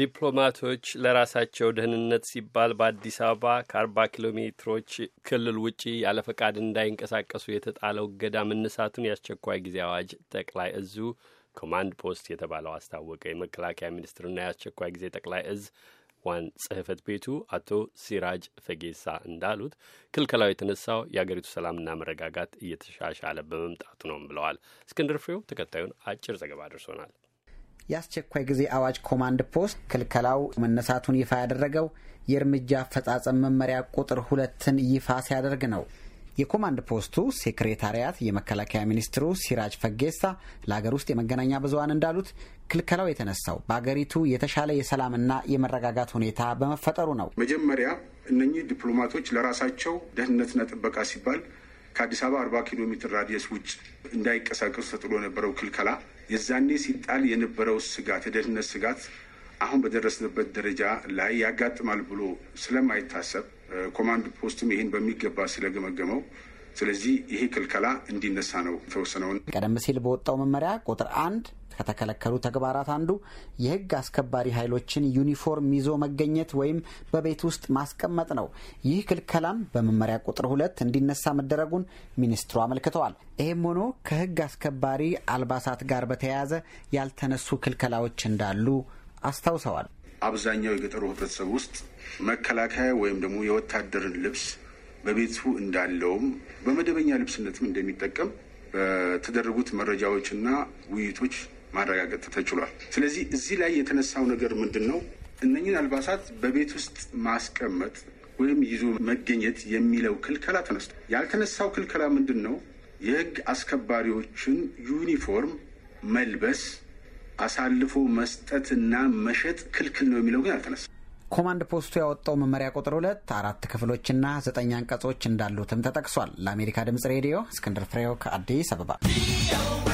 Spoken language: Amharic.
ዲፕሎማቶች ለራሳቸው ደህንነት ሲባል በአዲስ አበባ ከአርባ ኪሎ ሜትሮች ክልል ውጪ ያለ ፈቃድ እንዳይንቀሳቀሱ የተጣለው እገዳ መነሳቱን የአስቸኳይ ጊዜ አዋጅ ጠቅላይ እዙ ኮማንድ ፖስት የተባለው አስታወቀ። የመከላከያ ሚኒስትርና የአስቸኳይ ጊዜ ጠቅላይ እዝ ዋን ጽህፈት ቤቱ አቶ ሲራጅ ፈጌሳ እንዳሉት ክልከላው የተነሳው የአገሪቱ ሰላምና መረጋጋት እየተሻሻለ በመምጣቱ ነው ብለዋል። እስክንድር ፍሬው ተከታዩን አጭር ዘገባ አድርሶናል። የአስቸኳይ ጊዜ አዋጅ ኮማንድ ፖስት ክልከላው መነሳቱን ይፋ ያደረገው የእርምጃ አፈጻጸም መመሪያ ቁጥር ሁለትን ይፋ ሲያደርግ ነው። የኮማንድ ፖስቱ ሴክሬታሪያት የመከላከያ ሚኒስትሩ ሲራጅ ፈጌሳ ለሀገር ውስጥ የመገናኛ ብዙሀን እንዳሉት ክልከላው የተነሳው በሀገሪቱ የተሻለ የሰላምና የመረጋጋት ሁኔታ በመፈጠሩ ነው። መጀመሪያ እነኚህ ዲፕሎማቶች ለራሳቸው ደህንነትና ጥበቃ ሲባል ከአዲስ አበባ አርባ ኪሎ ሜትር ራዲየስ ውጭ እንዳይቀሳቀሱ ተጥሎ የነበረው ክልከላ የዛኔ ሲጣል የነበረው ስጋት የደህንነት ስጋት አሁን በደረስንበት ደረጃ ላይ ያጋጥማል ብሎ ስለማይታሰብ ኮማንድ ፖስትም ይህን በሚገባ ስለገመገመው ስለዚህ ይሄ ክልከላ እንዲነሳ ነው የተወሰነውን። ቀደም ሲል በወጣው መመሪያ ቁጥር አንድ ከተከለከሉ ተግባራት አንዱ የሕግ አስከባሪ ኃይሎችን ዩኒፎርም ይዞ መገኘት ወይም በቤት ውስጥ ማስቀመጥ ነው። ይህ ክልከላም በመመሪያ ቁጥር ሁለት እንዲነሳ መደረጉን ሚኒስትሩ አመልክተዋል። ይህም ሆኖ ከሕግ አስከባሪ አልባሳት ጋር በተያያዘ ያልተነሱ ክልከላዎች እንዳሉ አስታውሰዋል። አብዛኛው የገጠሩ ህብረተሰብ ውስጥ መከላከያ ወይም ደግሞ የወታደርን ልብስ በቤቱ እንዳለውም በመደበኛ ልብስነትም እንደሚጠቀም በተደረጉት መረጃዎችና ውይይቶች ማረጋገጥ ተችሏል። ስለዚህ እዚህ ላይ የተነሳው ነገር ምንድን ነው? እነኝን አልባሳት በቤት ውስጥ ማስቀመጥ ወይም ይዞ መገኘት የሚለው ክልከላ ተነስቶ ያልተነሳው ክልከላ ምንድን ነው? የህግ አስከባሪዎችን ዩኒፎርም መልበስ አሳልፎ መስጠትና መሸጥ ክልክል ነው የሚለው ግን አልተነሳ። ኮማንድ ፖስቱ ያወጣው መመሪያ ቁጥር ሁለት አራት ክፍሎችና ዘጠኝ አንቀጾች እንዳሉትም ተጠቅሷል። ለአሜሪካ ድምጽ ሬዲዮ እስክንድር ፍሬው ከአዲስ አበባ